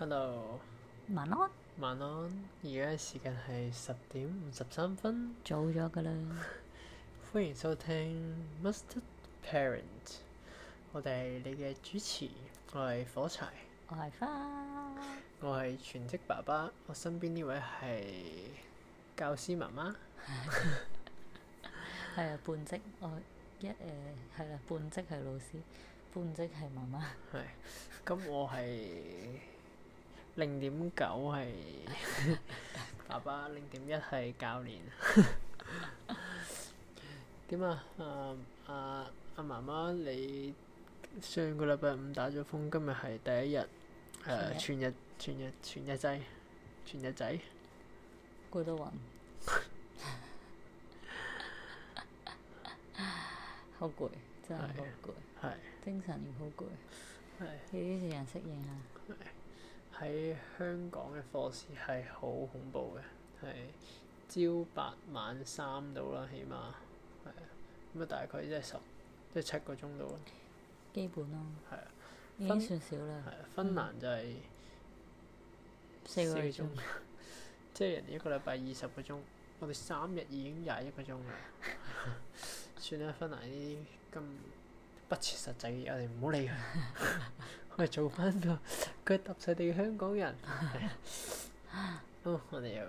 hello，晚安。晚安，而家時間係十點五十三分。早咗㗎喇。 歡迎收聽 Master Parent，我哋你嘅主持，我係火柴，我係花，我係全職爸爸，我身邊呢位係教師媽媽，係 啊，半職我一誒係啦，半職係老師，半職係媽媽。係、 啊，咁我係。 零點九係爸爸，零點一係教練。點啊？啊啊啊！媽、啊、媽，你上個禮拜五打咗風，今日係第一日，係、啊、的全日全日全日制，全日制攰到暈，得 好攰，真係好攰，的精神好攰，你啲的人適應下。喺香港嘅課時係好恐怖嘅，係朝八晚三到啦，起碼係啊，咁啊、嗯、大概即係十即係七個鐘度。咯。基本咯、哦。係啊是。已經算少啦。係啊，芬蘭就係四個鐘，即係、嗯、 人哋一個禮拜二十個鐘，我哋三日已經廿一個鐘啦。 算啦，芬蘭呢啲咁不切實，實際嘅嘢，我哋唔好理佢，我哋做翻個。佢揼曬哋香港人， 好，我哋又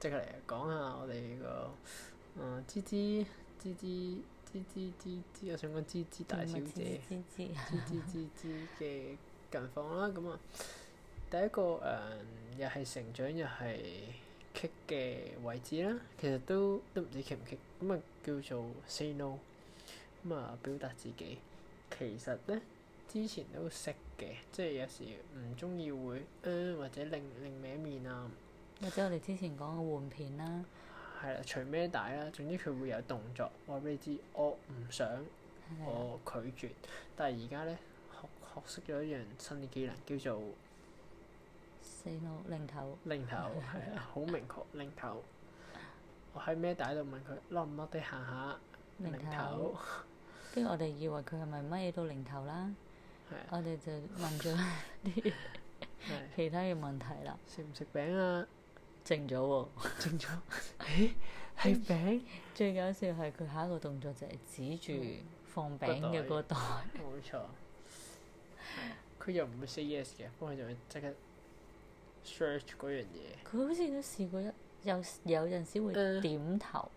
即刻嚟講下我哋、個吱吱吱吱吱吱吱，呃，芝芝芝芝芝芝，我想講吱吱大小姐，吱吱吱吱」嘅近況啦。咁啊， 第一個誒、嗯、又係成長又係棘嘅位置啦。其實都都唔知棘唔棘，咁啊叫做 say no，咁啊表達自己。其實咧。之前都識嘅，即係有時唔中意會，嗯或者擰擰歪面啊，或者、啊、或者我哋之前講嘅換片啦、啊，係啦，除咩帶啦，總之佢會有動作，話俾你知，我唔想我拒絕，的但係而家咧學學識咗一樣新嘅技能，叫做死腦擰頭。擰頭係啊，好明確擰頭。我喺咩帶度問佢，落唔落得行下擰頭？跟住 我哋頭 以為佢係咪乜嘢都擰頭啦？ 我哋就問咗啲其他嘅問題啦。食唔食餅啊？剩咗下喎。剩 咗。誒， 係 餅。 最搞笑係佢下一個動作就係指住放餅嘅嗰袋。冇、嗯、錯。佢又唔會 say yes 嘅，不過佢仲要即刻 search 嗰樣嘢。佢好似都試過一有有陣時會點頭。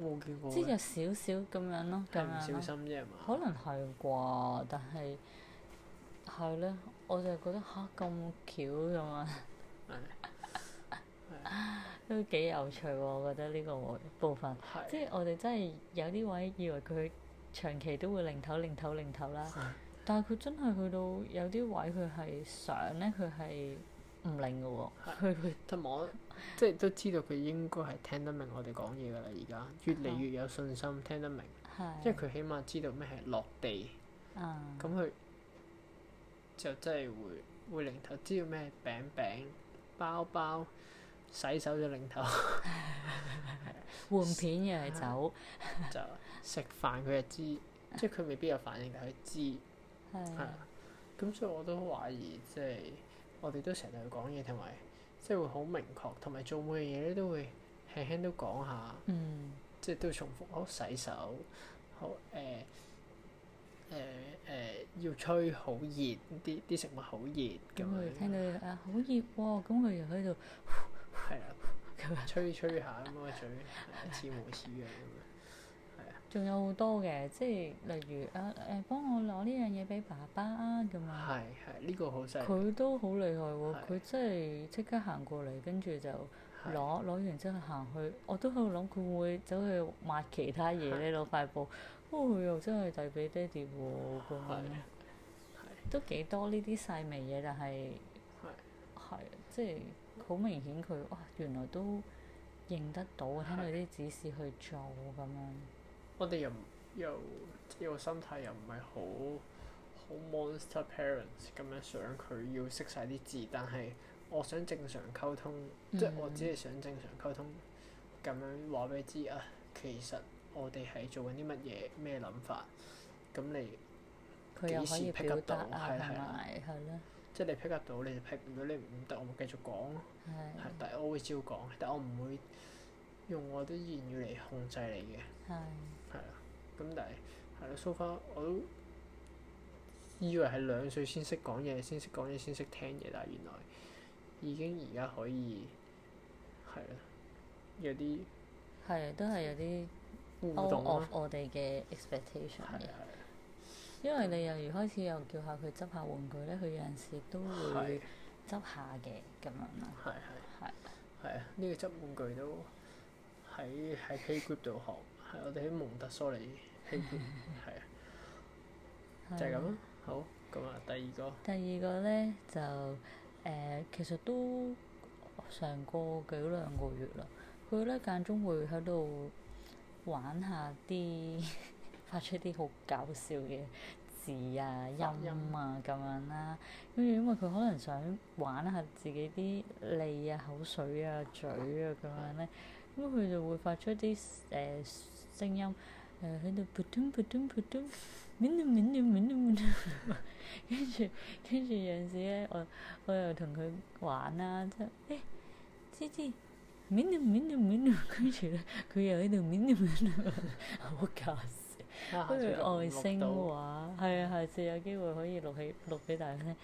冇、嗯、見過。即係有少少咁樣咯。咁唔小心啫嘛。可能係啩， 但係。係咧，我就係覺得吓咁巧嘅嘛，都 幾有趣喎！我覺得呢個部分，的即係我哋真係有啲位以為佢長期都會擰頭擰頭擰頭啦，的但係佢真係去到有啲位佢係想咧，佢係唔擰嘅喎，佢佢同我，即係都知道佢應該係聽得明我哋講嘢嘅啦。而家越嚟越有信心，聽得明，的即係佢起碼知道咩係落地，咁佢、嗯。就真係會會擰頭，知道咩餅餅、包包、洗手就擰頭， 換片又係走 就就，就食飯佢又知，即係佢未必有反應，但佢知係咁、 嗯、所以我都懷疑，就是、常常即係我哋都成日同佢講嘢，同埋即係會好明確，同埋做每樣嘢咧都會輕輕都講下，嗯、即係都要重複好洗手，好誒。呃誒誒、呃呃、要吹好熱，啲啲食物好熱咁。佢聽到啊，好熱喎！咁佢就喺度，係啦，吹吹下咁個嘴，似模似樣咁。係啊，仲有好多嘅，即係例如啊誒，幫我攞呢樣嘢俾爸爸咁啊。係係，呢、呢個好犀利，佢都好厲害喎！佢對真係即刻行過嚟，跟住就攞攞對完之後行去。我都喺度諗佢會走去抹其他嘢咧？攞對塊布。哦，又真係遞俾爹哋喎，咁樣，都幾多呢啲細微嘢，但係係即係好明顯佢哇、哦，原來都認得到，聽佢啲指示去做咁的樣。的我哋又又個心態又唔係好好 monster parents 咁樣想佢要識晒啲字，但係我想正常溝通，嗯、即係我只係想正常溝通咁樣話俾你知啊，其實。我哋係做緊啲乜嘢？咩諗法？咁嚟，時時 pick up 到，係係係咯。即係你 pick up 到，你就 pick；如果你唔得，我咪繼續講咯的。但係我會照講，但係我唔會用我啲言語嚟控制你嘅。係的。係啦，咁但係係咯，so far，我都以為係兩歲先識講嘢，先識講嘢先識聽嘢，但係原來已經而家可以係啦，有啲係都係有啲。o、oh, oh, 啊、我哋嘅 expectation 嘅、啊，因為你又如開始又叫下佢執下玩具咧，佢有陣時都會執下嘅咁的樣咯。係係係係啊！呢個執玩具都喺喺 playgroup 度學，係我哋喺蒙特梭利 playgroup 係啊，就係咁啦。好咁啊，第二個。第二個咧就誒、呃，其實都成個幾兩個月啦。佢咧間中間會喺度。玩下啲，發出啲好搞笑嘅字啊音啊咁樣啦，跟住因為佢可能想玩下自己啲脷啊口水啊嘴啊咁樣咧，咁佢就會發出啲誒聲音，誒喺度噗通噗通噗通，跟住跟住有陣時咧，我我又同佢玩啦，即係誒，知唔知？搣，跟住咧佢又喺度搣，好搞笑。因為外星話係啊係，下次有 機會可以錄起錄起大聲，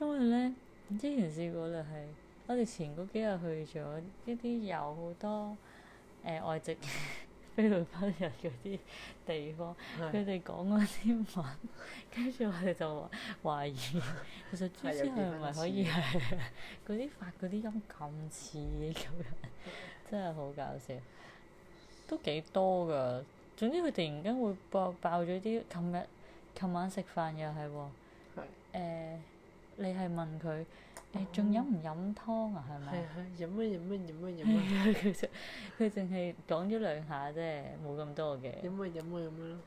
因為咧，之前試過就係我哋前幾日去咗一啲有好多誒、呃、外籍。 菲律賓人嗰啲地方，佢哋講嗰啲文，跟 住我哋就懷疑， 其實豬豬係唔係可以係嗰啲發嗰啲音咁似嘅？今 真係好搞笑，都幾多㗎。總之佢突然間會爆爆咗啲。琴日、琴晚食飯又係喎的、呃。你係問佢？誒，仲、欸、飲唔飲湯啊？係咪、嗯？係啊，飲乜飲乜飲乜飲乜。係啊，佢就佢淨係講咗兩下啫，冇咁多嘅、啊。飲乜、啊、飲乜咁樣咯。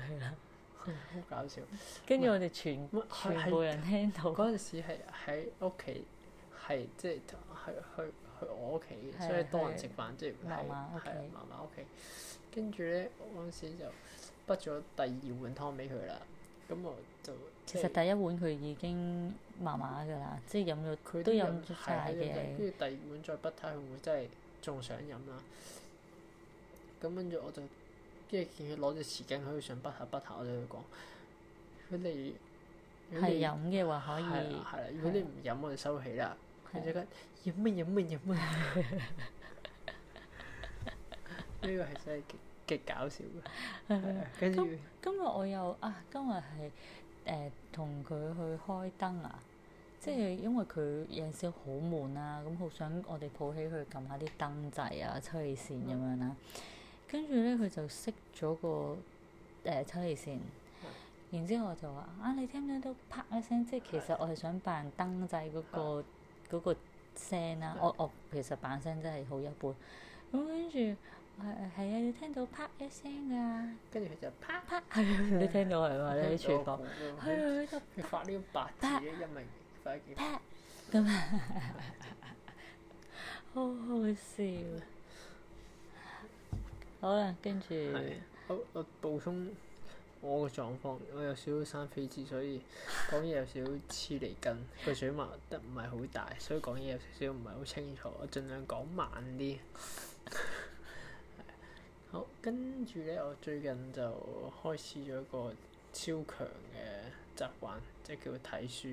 係啦，好搞笑。跟住我哋全、嗯、全部人聽到。嗰陣時係喺屋企，係即係去去去我屋企，所以多人食飯，即係唔係係嫲嫲屋企。跟住咧，嗰陣時就畢咗第二碗湯俾佢啦。咁我就其實第一碗佢已經麻麻噶啦，即係飲咗，佢都飲唔晒嘅。跟住第二碗再不睇會唔會真係仲想飲啦？咁跟住我就跟住見佢攞隻匙羹喺度上不下不下，我就講：佢哋係飲嘅話可以。係啦，如果你唔飲我就收起啦。佢就得：啊「飲乜飲乜飲乜，呢個係真嘅。極搞笑嘅，跟住 的、嗯、今日今日我又啊，今日係誒同佢去開燈啊，即、就、係、是、因為佢有陣時好悶啊，咁好想我哋抱起佢撳下啲燈掣啊、抽氣扇咁樣啦、啊。嗯、跟住咧，佢就熄咗個誒抽、嗯呃、氣扇，嗯、然之後我就話：啊，你聽唔聽到？啪一聲！即、就、係、是、其實我係想扮燈掣嗰、那個嗰、嗯、聲啦、啊。嗯、我我其實扮聲真係好一般。咁跟住。係係啊！要聽到啪一聲啊，跟住佢就啪啪係啊，你聽到係嘛？你喺度發啲白字嘅音文，發幾啪咁啊！好好笑，啊。好啦，跟住我我補充我個狀況，我有少少生飛滋，所以講嘢有少少黐脷筋，個嘴擘得唔係好大，所以講嘢有少少唔係好清楚，我盡量講慢啲。好，跟住咧，我最近就開始咗一個超強嘅習慣，即係叫睇書。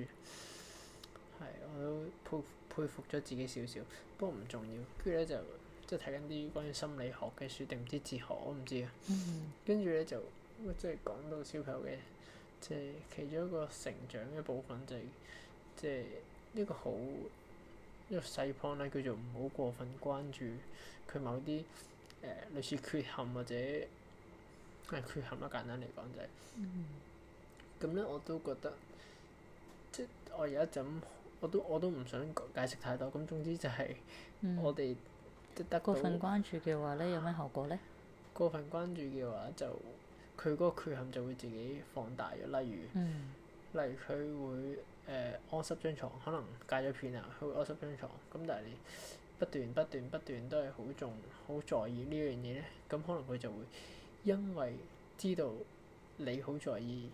係，我都佩服佩服咗自己少少，不過唔重要。跟住咧就即係睇緊啲關於心理學嘅書定唔知哲學，我唔知啊。跟住咧就即係講到小朋友嘅，即係其中一個成長嘅部分就係即係一個好一個細 point，咧叫做唔好過分關注佢某啲。誒、呃、類似缺陷或者係、呃、缺陷啦。簡單嚟講就係、是，咁咧、嗯、我都覺得，即我有一陣我都我都唔想解釋太多，咁總之就係、是嗯、我哋，即係過份關注嘅話咧，有咩效果咧、啊？過份關注嘅話就佢嗰個缺陷就會自己放大咗，例如，嗯、例如佢會誒屙濕張床，可能戒咗片啊，佢會屙濕張床。咁但係你。不斷不斷不斷都係好重好在意呢樣嘢咧，咁可能佢就會因為知道你好在意，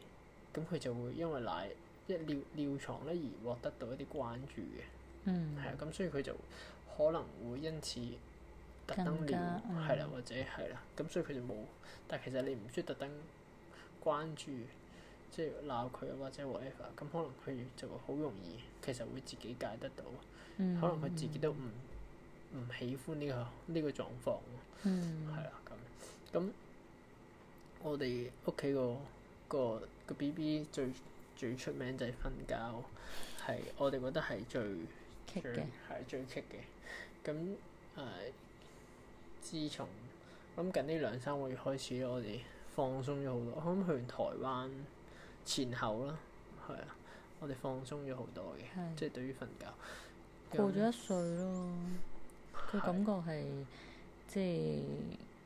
咁佢就會因為瀨一尿尿床咧而獲得到一啲關注嘅。嗯。係啊，咁所以佢就可能會因此特登尿係啦，或者係啦，咁所以佢就冇。但其實你唔需要特登關注，即係鬧佢或者 whatever，咁可能佢就會好容易其實會自己解得到。嗯、可能佢自己都唔～、嗯唔喜歡呢、這個呢、這個狀況，係啊咁咁。我哋屋企個個個 B B 最最，最出名就係瞓覺，係我哋覺得係最棘嘅，係的最棘嘅。咁誒、呃，自從諗緊呢兩三個月開始，我哋放鬆咗好多。我諗去完台灣前後啦，係啊，我哋放鬆咗好多嘅，即係是對於瞓覺過咗一歲咯。佢感覺係，即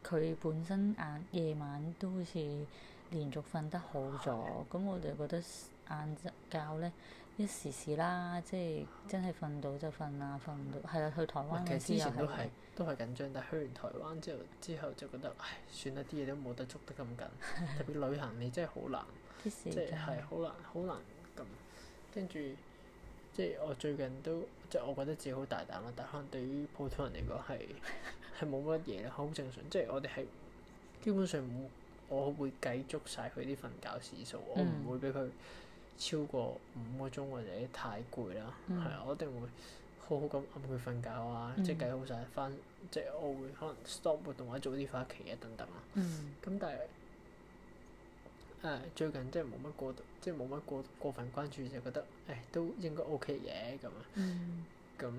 係佢本身晏夜晚都好似連續瞓得好咗，咁的我哋覺得晏晝覺咧一時時啦，即係真係瞓到就瞓啊，瞓唔到係啊，去台灣其實又係，都係緊張，但係去完台灣之後之後就覺得唉，算啦，啲嘢都冇得捉得咁緊， 特別旅行你真係好難，的即係係好難好難咁跟住。即係我最近都即係我覺得自己好大膽啦，但係可能對於普通人嚟講係係冇乜嘢啦，好 正常。即係我哋係基本上唔，我會計足晒佢啲瞓覺時數，嗯、我唔會俾佢超過五個鐘或者太攰啦。係啊、嗯，我一定會好好咁暗佢瞓覺啊、嗯，即係計好晒翻，即係我會可能 stop 活動或者早啲翻屋企啊等等啊。咁、嗯嗯、但係。誒、uh, 最近真係冇乜過即係冇乜過過分關注，就覺得誒都應該 O K 嘅咁。咁、mm hmm.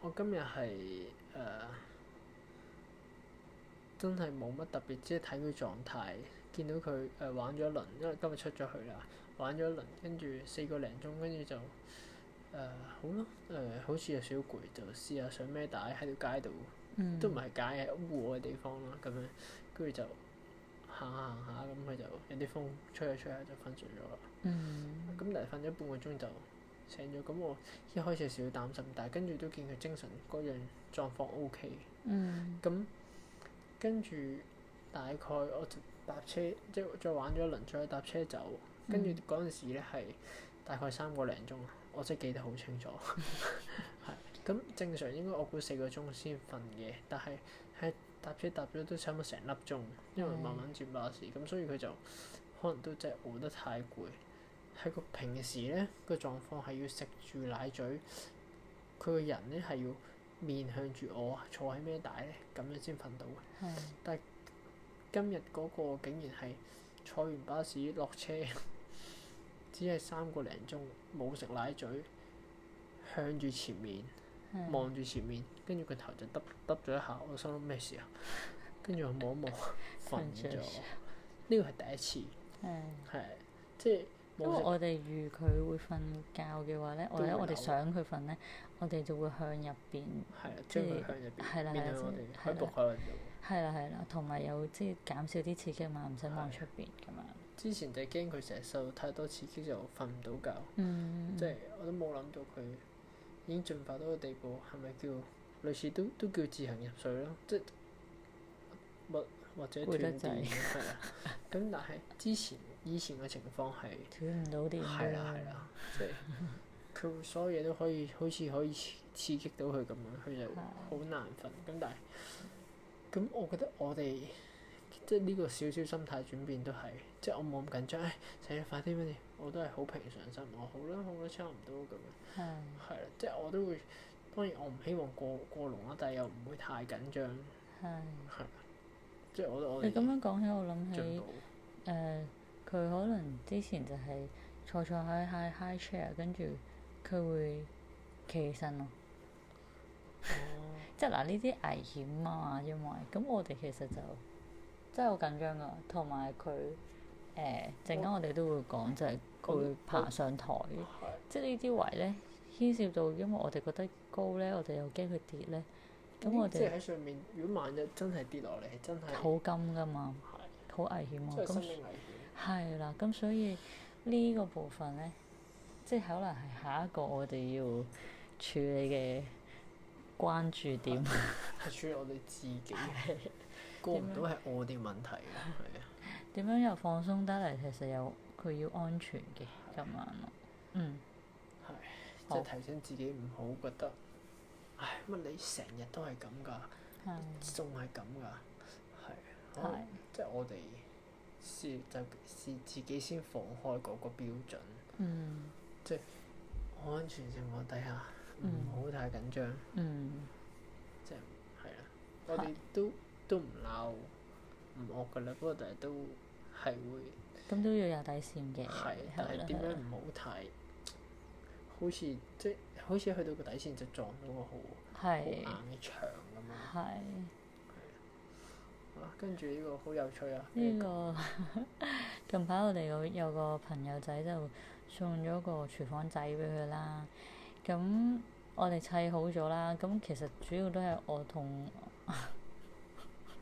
我今日係誒真係冇乜特別，即係睇佢狀態，見到佢誒、呃、玩咗一輪，因為今日出咗去啦，玩咗一輪，跟住四個零鐘，跟住就誒、呃、好啦，誒、呃、好似有少少攰，就試下上孭帶喺條街度，mm hmm. 都唔係街，係烏嘅地方啦咁樣，跟住就。行下行下咁佢就有啲風吹下吹下就瞓著咗啦。咁突然瞓咗半個鐘就醒咗，咁我一開始有少少擔心，但係跟住都見佢精神嗰樣狀況 O K 嘅。咁跟住大概我就搭車，即係再玩咗一輪，再搭車走。跟住嗰陣時咧係大概三個零鐘，我真係記得好清楚。係咁、嗯、 正常應該我估四個鐘先瞓嘅，但係喺～搭車搭咗都差唔多成粒鐘，因為慢慢轉巴士，咁、嗯、所以佢就可能都真係餓得太攰。喺個平時咧，個狀況係要食住奶嘴，佢個人咧係要面向住我，坐喺咩底咧，咁樣先瞓到嘅。係。嗯、但今日嗰個竟然係坐完巴士落車，只係三個零鐘，冇食奶嘴，向住前面。望住前面，跟住佢頭就耷耷咗一下，我心諗咩事啊？跟住我望一望，瞓著咗。呢個係第一次，係即係。因為我哋預佢會瞓覺嘅話咧，或者我哋想佢瞓咧，我哋就會向入邊，即係，係啦係啦，同埋有即係減少啲刺激嘛，唔使望出邊咁啊。之前就驚佢成日受太多刺激就瞓唔到覺，即係我都冇諗到佢。已經進化到個地步，係咪叫類似都都叫自行入睡咯？即或或者斷電咁 但係之前以前嘅情況係斷唔到電嘅。係啦係啦，即係佢所有嘢都可以，好似可以刺激到佢咁樣，佢就好難瞓。咁 但係咁，我覺得我哋。即係呢個少少心態轉變都係，即係我冇咁緊張，誒、哎，使快啲畀你，我都係好平常心，我好啦，好啦，差唔多咁樣，係啦的，即係我都會，當然我唔希望過過龍啦，但係又唔會太緊張，係的，即係我都我你咁樣講起，我諗起誒，佢、呃、可能之前就係坐坐喺喺 high, high chair，跟住佢會企起身咯，哦、 即係嗱呢啲危險啊，因為咁我哋其實就～真係好緊張㗎，同埋佢誒陣間我哋都會講，就係、是、佢爬上台，嗯嗯、即係呢啲位咧牽涉到，因為我哋覺得高咧，我哋又驚佢跌咧，咁、嗯、我哋即係喺上面，如果萬一真係跌落嚟，真係好金㗎嘛，好的危險啊！即係生命危險。係啦，咁所以呢個部分咧，即係可能係下一個我哋要處理嘅關注點。係處理我哋自己。 過唔到係我哋問題嘅，係啊。點樣又放鬆得嚟？其實又佢要安全嘅的今晚，咯，嗯。係，即係提醒自己唔好覺得，唉乜你成日都係咁㗎，仲係咁㗎，係，的即係我哋是就係自己先放開嗰個標準，嗯、即係安全情況底下唔好太緊張，嗯嗯、即係係啊，我哋都。都唔鬧唔惡噶啦，不過但係都係會。咁都要有底線嘅。係，但係點樣唔好睇？ 好似即係好似去到個底線就撞到個好是硬嘅牆咁樣。係是。跟住呢個好有趣啊！呢、呢個、呢個、 近排我哋有有個朋友仔就送咗個廚房仔俾佢啦。咁、嗯、我哋砌好咗啦。咁其實主要都係我同。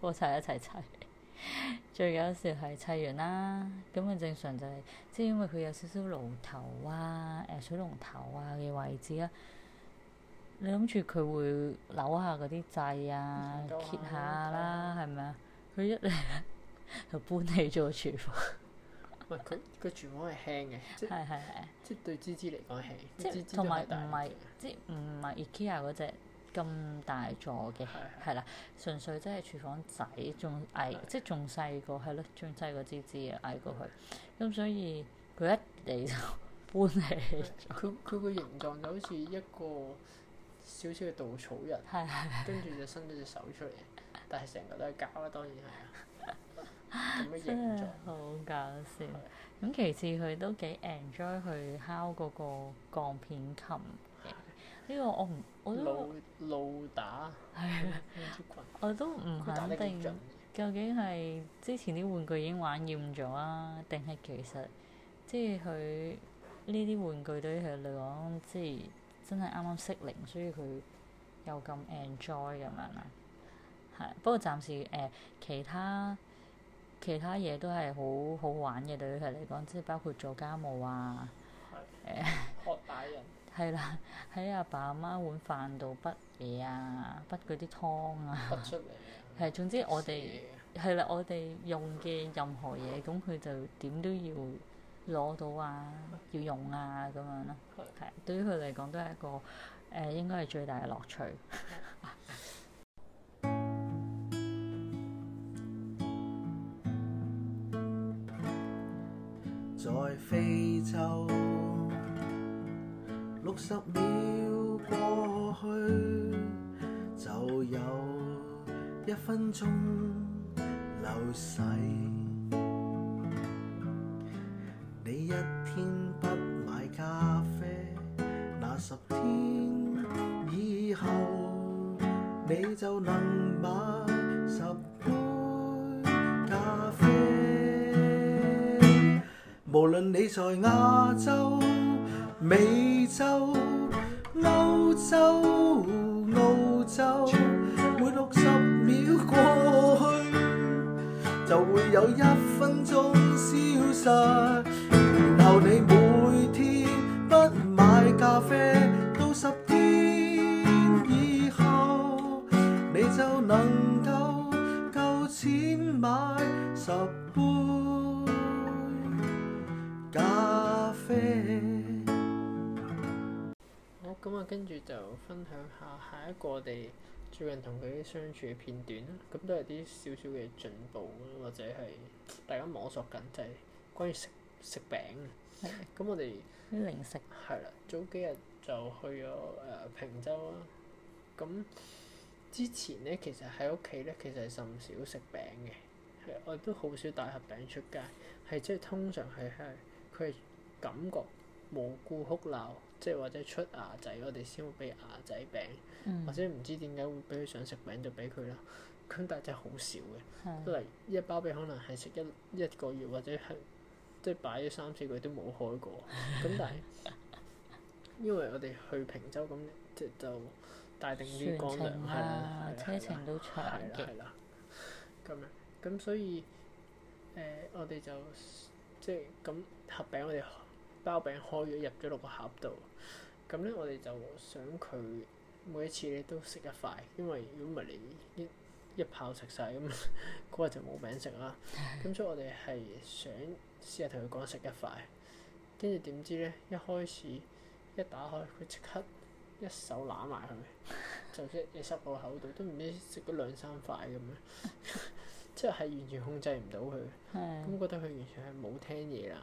我砌一齊砌，最搞笑係砌完啦，咁啊正常就係、是，即係因為佢有少少爐頭啊、誒水龍頭啊嘅位置啦，你諗住佢會扭下嗰啲掣啊、嗯、揭下啦，係咪啊？佢吧它一嚟，就 搬起咗個廚房。喂，佢佢廚房係輕嘅。 即係 即係對芝芝嚟講係，即係同埋唔係即唔係 IKEA 嗰隻。咁大座嘅，係啦的，純粹即係廚房仔，仲矮，的即係仲細個，係咯，仲細個支支，嘅矮過佢，咁的所以佢一嚟就搬起。佢佢個形狀就好似一個小小嘅稻草人，跟住就伸咗隻手出嚟，但係成個都係膠啦，當然係咁嘅形狀。好搞笑！咁的其次佢都幾 enjoy 去敲嗰個鋼片琴嘅，呢個我唔。我都唔肯定究竟係之前啲玩具已經玩厭咗啊，定係其實即係佢呢啲玩具對於佢嚟講，即係真係啱啱適齡，所以佢又咁 enjoy 咁樣啦。係，不過暫時誒、呃、其他其他嘢都係好好玩嘅，對於佢嚟講，即係包括做家務啊，誒是， 學打人，係 啦。喺阿爸阿媽碗飯度滗嘢啊，滗嗰啲湯啊，係，總之我哋係啦，我哋用嘅任何嘢，咁佢就點都要攞到啊，要用啊，咁樣咯，係對於佢嚟講都係一個誒，應該係最大嘅樂趣。在非洲六十秒。就有一分鐘流逝。你一天不買咖啡，那十天以後你就能買十杯咖啡。 無論你在亞洲、美洲、歐洲。就會有一分鐘消失，然後你每天不買咖啡，到十天以後，你就能夠夠錢買十杯咖啡。好，咁啊，跟住就分享下下一個我哋。最近同佢啲相處嘅片段咧，咁都係啲少少嘅進步，或者係大家摸索緊，就係關於食食餅。係。咁我哋零食。係啦，早幾日就去咗誒、呃、平洲啦。咁之前咧，其實喺屋企咧，其實係甚少食餅嘅，係我都好少帶盒餅出街，係即係通常係係佢係感覺。無故哭鬧，即係或者出牙仔，我哋先會俾牙仔餅，嗯、或者唔知點解會俾佢想食餅就俾佢啦。咁但係真係好少嘅，的例如一包餅可能係食一一個月，或者係即係擺咗三四個月都冇開過。咁 但係因為我哋去平洲咁，即係就帶定啲乾糧係啦，車程都長，係啦，咁樣咁所以誒我哋就即係咁合餅我哋。我們我們包餅開咗入咗六個盒度，咁咧我哋就想佢每一次咧都食一塊，因為如果唔係你一炮食晒，咁嗰日就冇餅食啦。咁所以我哋係想試下同佢講食一塊，跟住點知咧，一開始一打開佢即刻一手攬埋佢，就即你塞到口度，都唔知食咗兩三塊咁樣。 即係完全控制唔到佢，咁的覺得佢完全係冇聽嘢啦。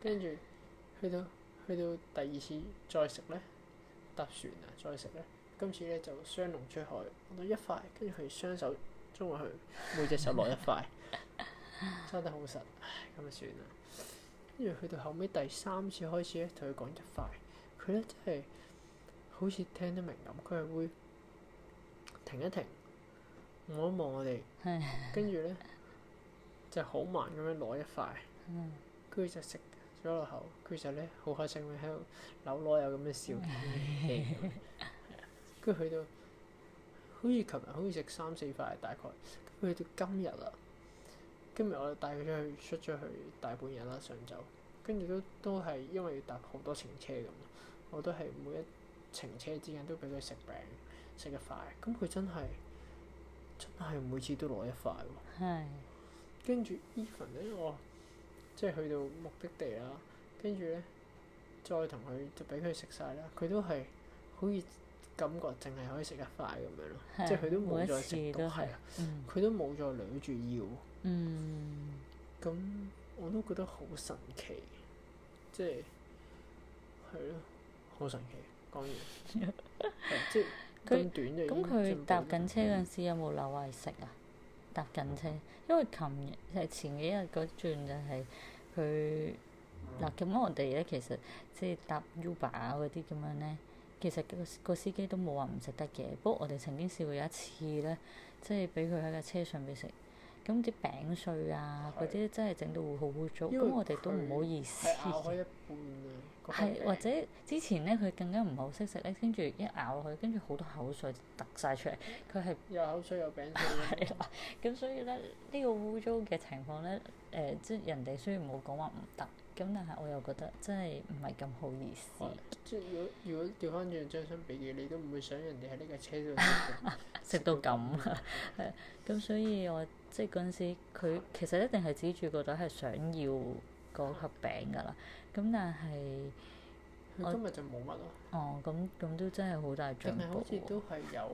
跟 住去到去到第二次再食呢，搭船啦。再食呢。今次呢，就雙龍出海攞到一塊，跟住佢雙手捉落去，每隻手攞一塊，揸的得好實。唉，就算啦。跟住去到後尾第三次開始咧，同佢講一塊，佢呢，真係好似聽得明咁，佢係會停一停。望一望我哋，跟住呢就好慢咁樣攞一塊，跟住 就食咗落口，跟住就呢、欸，好開心咁喺度扭攞有咁嘅笑，跟住去到好似琴日好似食三四塊大概。去到今日啊，今日我就帶佢出去出咗去大半日啦上晝，跟住都都係因為要搭好多程車咁，我都係每一程車之間都俾佢食餅食一塊，咁佢真係～真係每次都攞一塊喎，啊，跟住 even 咧我即係去到目的地啦，跟住咧再同佢就俾佢食晒啦，佢都係好似感覺淨係可以食一塊咁樣咯， 即係佢都冇再食過係，佢都冇再攬住要。嗯，咁、嗯嗯、我都覺得好神奇，即係係咯，好神奇。講完即。咁佢搭緊車嗰陣時有冇留話食啊？搭緊車，嗯、因為琴日係前幾日嗰轉就係佢嗱咁，我哋咧其實即係搭 Uber 嗰啲咁樣咧，其實個個司機都冇話唔食得嘅。不過我哋曾經試過有一次咧，即係俾佢喺架車上邊食。咁啲知餅碎啊，嗰啲真係整到會好污糟，咁我哋都唔好意思嘅。一半嘅、嗰個。或者之前咧，佢更加唔好識食咧，跟住一咬落去，跟住好多口水突晒出嚟，佢係有口水有餅碎、啊。係、 啊，咁所以咧呢、呢個污糟嘅情況咧，誒、呃、即係人哋雖然冇講話唔得，咁但係我又覺得真係唔係咁好意思。即係如果如果調翻轉將心比己，你都唔會想人哋喺呢架車度食 到咁啊！ 係，咁所以我。 即嗰陣時，佢其實一定係指住個袋，係想要嗰盒餅噶啦。咁、嗯、但係我今日就冇乜咯。哦，咁咁都真係好大進步。好似都係有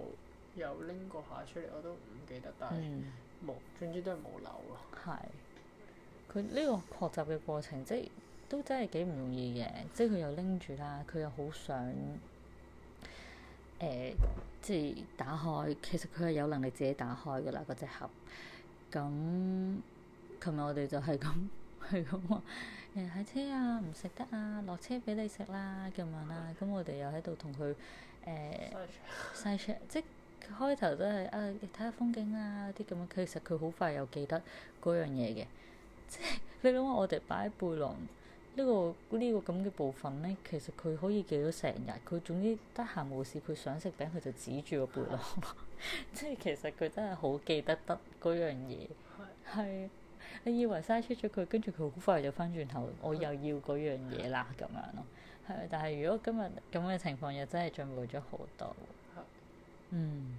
有拎過下出嚟，我都唔記得，但係冇、嗯、總之都係冇留咯。係。佢呢個學習嘅過程，即係都真係幾唔容易嘅。即係佢又拎住啦，佢又好想誒、呃，即係打開。其實佢係有能力自己打開噶啦，嗰隻盒。咁，琴日、嗯、我哋就係咁，係咁話，誒、啊、喺車啊，唔食得啊，落車俾你食啦咁樣啦、啊。咁、啊、我哋又喺度同佢誒，嘥、欸、車，嘥車 Sorry.，即係開頭都係啊，你睇下風景啊啲咁樣。其實佢好快又記得嗰樣嘢嘅，即係你諗下，我哋擺喺背囊。呢個呢個咁嘅部分咧，其實佢可以記到成日。佢總之得閒無事，佢想食餅，佢就指住個背囊。即 係其實佢真係好記得得嗰樣嘢，係你 以為嘥出咗佢，跟住佢好快就翻轉頭， 我又要嗰樣嘢啦咁樣咯。係，但係如果今日咁嘅情況，又真係進步咗好多。 嗯，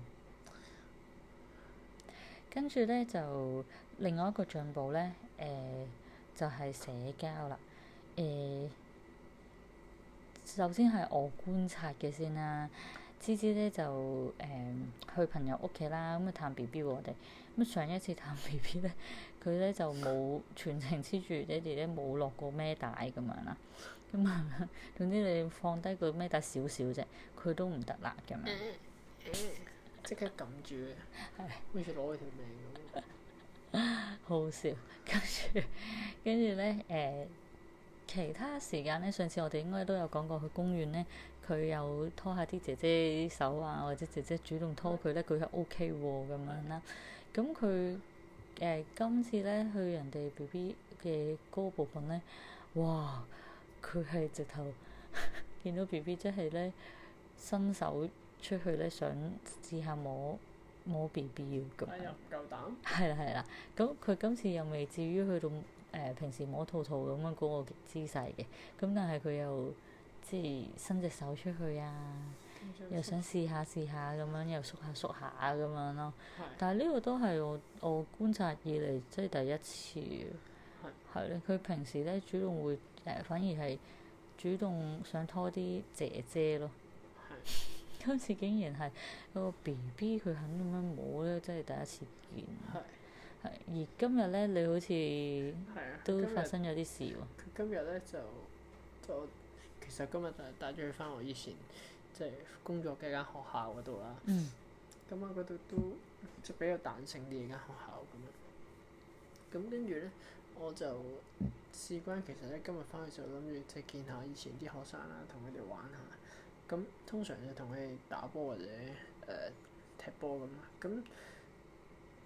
跟住咧就另外一個進步咧，誒、呃、就係社交啦。誒、欸，首先係我觀察嘅先啦。芝芝咧就誒、嗯、去朋友屋企啦，咁啊探 B B 我哋。咁上一次探 B B 咧，佢咧就冇全程黐住，爹哋咧冇落過孭帶咁樣啦。咁啊，總之你放低個孭帶少少啫，佢都唔得啦咁樣。即刻撳住。係。好似攞佢條命咁。好笑，跟住跟住咧誒。其他時間咧，上次我哋應該都有講過，去公園咧，佢又拖下啲姐姐手啊，或者姐姐主動拖佢咧，佢係 O K 喎咁樣啦。咁佢誒今次咧去人哋 B B 嘅高部分咧，哇！佢係直頭見到 B B 即係咧伸手出去咧，想試下摸摸 B B 要咁。係啊，唔夠膽。係啦係啦，咁佢今次又未至於去到。誒、呃、平時摸兔兔咁樣嗰個姿勢嘅，咁但係佢又即係、嗯、伸隻手出去啊，嗯、又想試下試下咁樣，又縮下縮下咁樣咯。的但係呢個都係我我觀察以嚟即係第一次。係的。係咧，佢平時咧主動會誒、呃，反而係主動想拖啲姐姐咯。的 今次竟然係個 BB 佢肯咁樣摸咧，即係第一次見。係的。係，而今日咧，你好似都發生咗啲事喎。佢今日咧就就其實今日帶帶咗佢翻我以前即係、就是、工作嘅間學校嗰度啦。嗯。咁我嗰度都即比較彈性啲嘅間學校咁樣。咁跟住咧，我就事關其實咧，今日翻去就諗住即係見下以前啲學生啦、啊，同佢哋玩下。咁通常就同佢哋打波或者誒、呃、踢波咁啊，咁。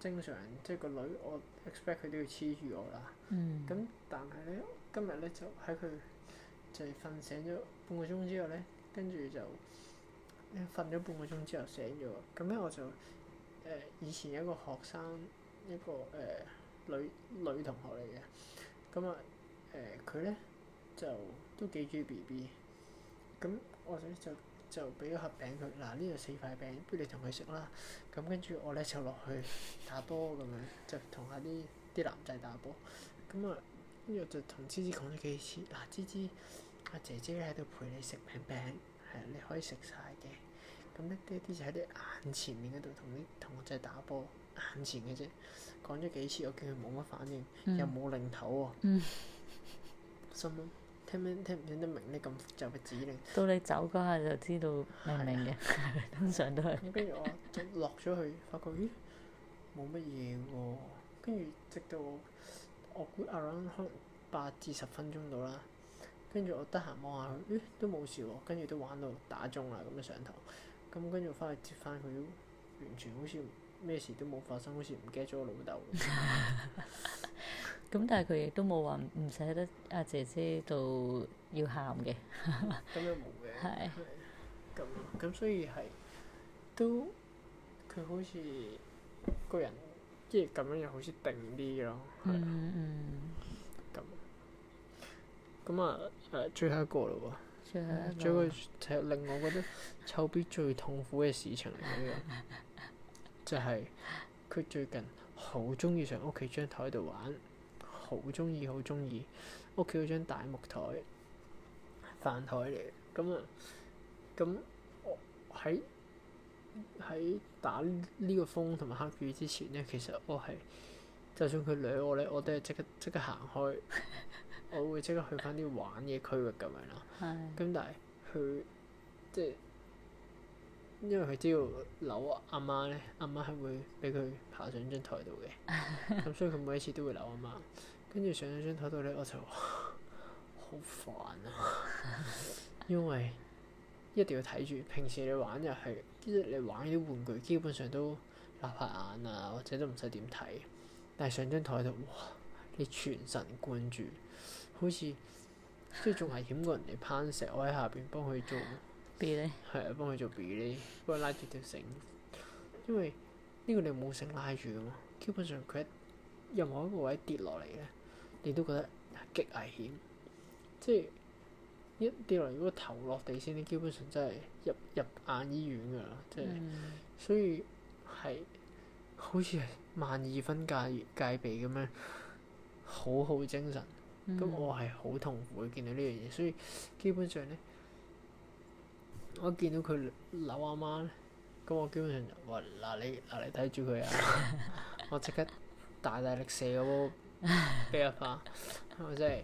正常人，即係個女，我 expect 佢都要黐住我啦。咁、嗯、但係咧，今日咧就喺佢就係瞓醒咗半個鐘之後咧，跟住就瞓咗、呃、半個鐘之後醒咗。咁咧我就誒、呃、以前有一個學生，一個誒、呃、女女同學嚟嘅。咁啊誒佢咧就都幾中意 bb。咁我就～就就俾咗盒餅佢，嗱，呢度四塊餅，不如你同佢食啦。咁跟住我咧就落去打波咁樣，就同下啲啲男仔打波。咁啊，我跟住就同芝芝講咗幾次，嗱、啊、芝芝，阿姐姐喺度陪你食餅餅，係你可以食晒嘅。咁咧爹哋就喺啲眼前面嗰度同啲同學仔打波，眼前嘅啫。講咗幾次，我見佢冇乜反應，嗯、又冇擰頭喎。嗯、 心。聽唔聽唔聽得明你咁複雜嘅指令，到你走嗰下就知道明唔明嘅，的 通常都係。跟住我落咗去，發覺咦，冇乜嘢喎，跟住直到我我估 around 可能八至十分鐘到啦，跟住我得閒望下佢，咦，都冇事喎，跟住都玩到打鐘啦咁嘅上堂，咁跟住我翻去接翻佢，完全好似咩事都冇發生，好似唔記得咗我老豆。 咁但係佢亦都冇話唔唔捨得阿姐姐度要喊嘅，咁樣冇嘅，係，咁咁所以係都佢好似個人即係咁樣又好似定啲咯、嗯，嗯嗯，咁咁啊誒最後一個嘞喎，最後一個，最後其實令我覺得湊逼最痛苦嘅事情嚟嘅， 就係佢最近好中意上屋企張台度玩。好中意，好中意屋企有張大木台飯台嚟嘅。咁啊，咁我喺喺打呢個風同埋黑雨之前咧，其實我係就算佢掠我咧，我都係即刻即刻行開。 我會即刻去返啲玩嘅區域咁樣啦。咁 但係佢即係因為佢知道扭阿媽咧，阿媽係會俾佢爬上張台度嘅。咁 所以佢每一次都會扭阿媽，媽。跟住上咗張枱度咧，我就好煩啊！ 因為一定要睇住，平時你玩又係，即係你玩啲玩具基本上都眨下眼啊，或者都唔使點睇。但係上張枱度，哇！你全神貫注，好似即係仲危險過人哋攀石，我喺下邊幫佢做，b 係啊，幫佢做 B 哩，幫佢拉住條繩。因為呢個你冇繩拉住嘅嘛，基本上佢任何一個位跌落嚟咧。你都覺得極危險，即係一掉落如果頭落地先，你基本上真係入入眼醫院噶啦，即係、嗯、所以係好似萬二分戒戒備咁樣，好好精神。咁、嗯、我係好痛苦見到呢樣嘢，所以基本上咧，我見到佢扭阿媽咧，咁我基本上就話嗱你嗱你睇住佢啊， 我即刻大，大大力射嗰波。俾阿爸，係咪 真係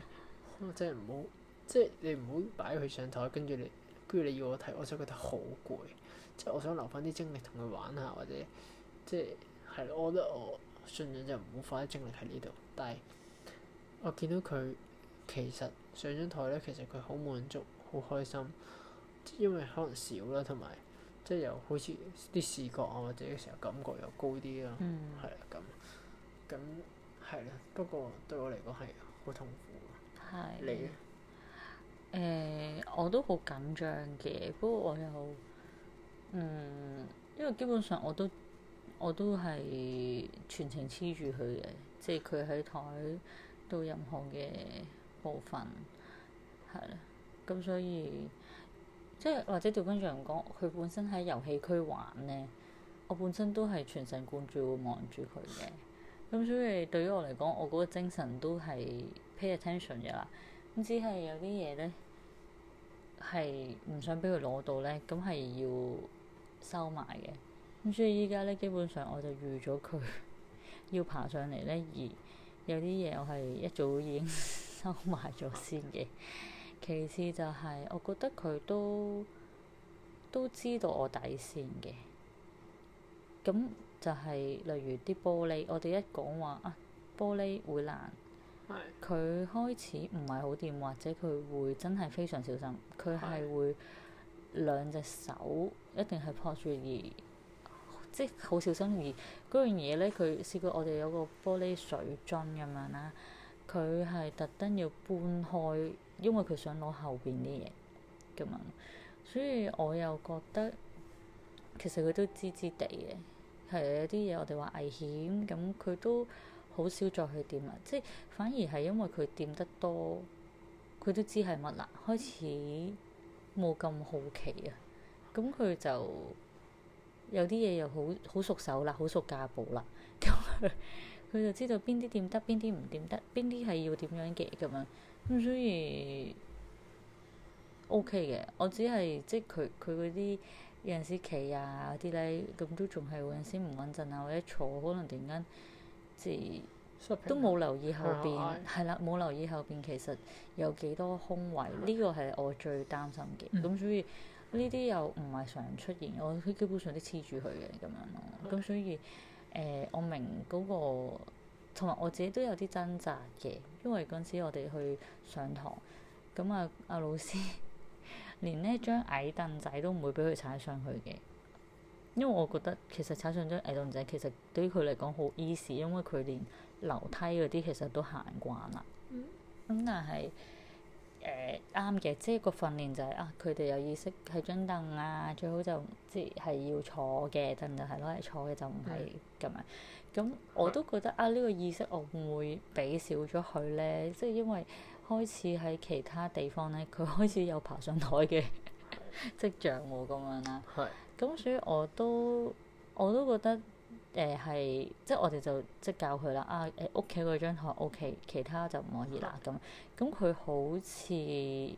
真係唔好，即係你唔好擺佢上枱，跟住你跟住你要我睇，我真係覺得好攰，即係我想留翻啲精力同佢玩下，或者即係係，我覺得我信任就唔好花啲精力喺呢度。但係我見到佢其實上張枱咧，其實佢好滿足，好開心，即因為可能少啦，同埋即係又好似啲視覺啊，或者成日感覺又高啲啦、啊，係啊咁咁。係啦，不過對我嚟講係好痛苦。係的你呢？呃，我都好緊張嘅，不過我又嗯，因為基本上我都我都係全程黐住佢嘅，即係佢喺台到任何嘅部分，係啦。咁所以即係或者對君陽講，佢本身喺遊戲區玩咧，我本身都係全神貫注會望住佢嘅。咁所以對於我嚟講，我嗰個精神都係 pay attention 嘅啦。咁只係有啲嘢咧係唔想俾佢攞到咧，咁係要收埋嘅。咁所以依家咧，基本上我就預咗佢要爬上嚟咧，而有啲嘢我係一早已經 收埋咗先嘅。其次就係、是、我覺得佢都都知道我底線嘅。咁。就係例如啲玻璃，我哋一講話啊，玻璃會爛，佢的開始唔係好掂，或者佢會真係非常小心，佢係會的兩隻手一定係撲住而，即係好小心而嗰樣嘢呢，佢試過我哋有個玻璃水樽咁樣啦，佢係特登要搬開，因為佢想攞後邊啲嘢咁樣，所以我又覺得其實佢都知知地嘅。係有啲嘢我哋話危險，咁佢都好少再去掂啦，啊。即係反而係因為佢掂得多，佢都知係乜啦。開始冇咁好奇啊。咁佢就有啲嘢又好好熟手啦，好熟架步啦。咁 佢就知道邊啲掂得，邊啲唔掂得，邊啲係要點樣嘅咁樣。咁所以 OK 嘅，我只係即係佢佢嗰啲。有陣時企啊嗰啲咧，咁都仲係有陣時唔穩陣啊，或者一坐可能突然間即係 Shop ping. 都冇留意後邊，係啦，冇留意後邊其實有幾多空位，呢個係我最擔心嘅。咁、嗯、所以呢啲又唔係常人出現，我佢基本上都黐住佢嘅咁樣咯。咁、嗯、所以誒、呃，我明嗰、嗰個同埋我自己都有啲掙扎嘅，因為嗰陣時我哋去上堂，咁啊阿、啊、老師。 連呢張矮凳仔都唔會俾佢踩上去嘅，因為我覺得其實踩上張矮凳仔其實對於佢嚟講好 easy，因為佢連樓梯嗰啲其實都行慣啦。咁、嗯、但係誒啱嘅，即係個訓練就係、係、啊，佢哋有意識喺張凳啊，最好就即、係、係要坐嘅凳就係攞嚟坐嘅，就唔係咁樣。咁、嗯、我都覺得啊，呢、呢個意識我唔會俾少咗佢咧，即係因為。開始喺其他地方咧，佢開始有爬上枱嘅跡象喎，咁樣啦。係。咁所以我都我都覺得誒係，即係我哋就即教佢啦啊誒屋企嗰張枱 OK，其他就唔可以啦咁。咁佢好似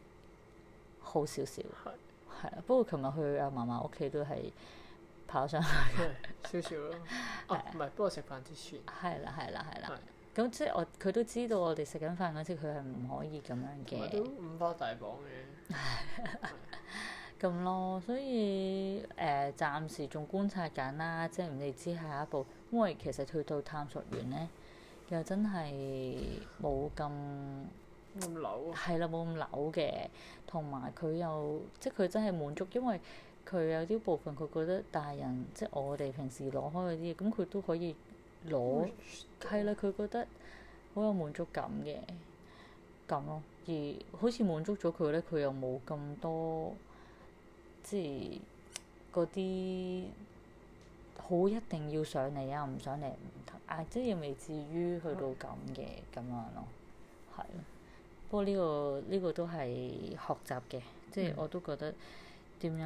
好少少，係係啊。不過琴日去阿嫲嫲屋企都係跑上去少少咯。哦，唔係，不過食飯之前係啦，係啦，係啦。咁、嗯、即係我佢都知道我哋食緊飯嗰陣，佢係唔可以咁樣嘅。都五花大綁嘅。咁、 嗯、 咯，所以誒、呃，暫時仲觀察緊啦。即係唔知下一步，因為其實去到探索完咧，又真係冇咁冇咁扭。係啦、啊，冇咁扭嘅，同埋佢又即係佢真係滿足，因為佢有啲部分佢覺得大人即係我哋平時攞開嗰啲嘢，咁佢都可以。攞，係啦，佢覺得好有滿足感嘅咁咯，而好似滿足咗佢咧，佢又冇咁多即係嗰啲好一定要上嚟啊，唔上嚟唔得啊，即係未至於去到咁嘅咁樣咯，係、嗯啊啊、不過呢、呢個呢、呢個都係學習嘅，即係我都覺得點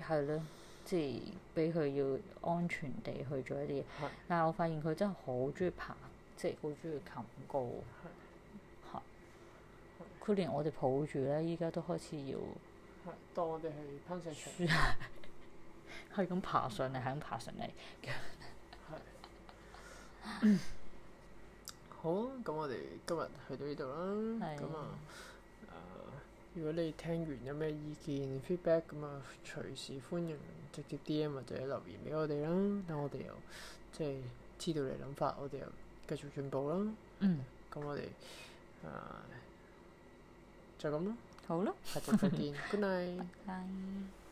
樣係啦。嗯即係俾佢要安全地去做一啲嘢，是但係我發現佢真係好中意爬，即係好中意擒高。係是，佢連是我哋抱住咧，依家都開始要。係當我哋係攀石牆。係咁 爬上嚟，係咁爬上嚟。係。 是 好啊！咁我哋今日去到呢度啦。係是。如果你聽完有咩意見 feedback，咁啊隨時歡迎直接 DM 或者留言俾我哋啦。等我哋又即係知道你諗法，我哋又繼續進步啦。嗯，咁我哋啊、呃、就咁咯。好啦，下次再見 ，good night，bye bye。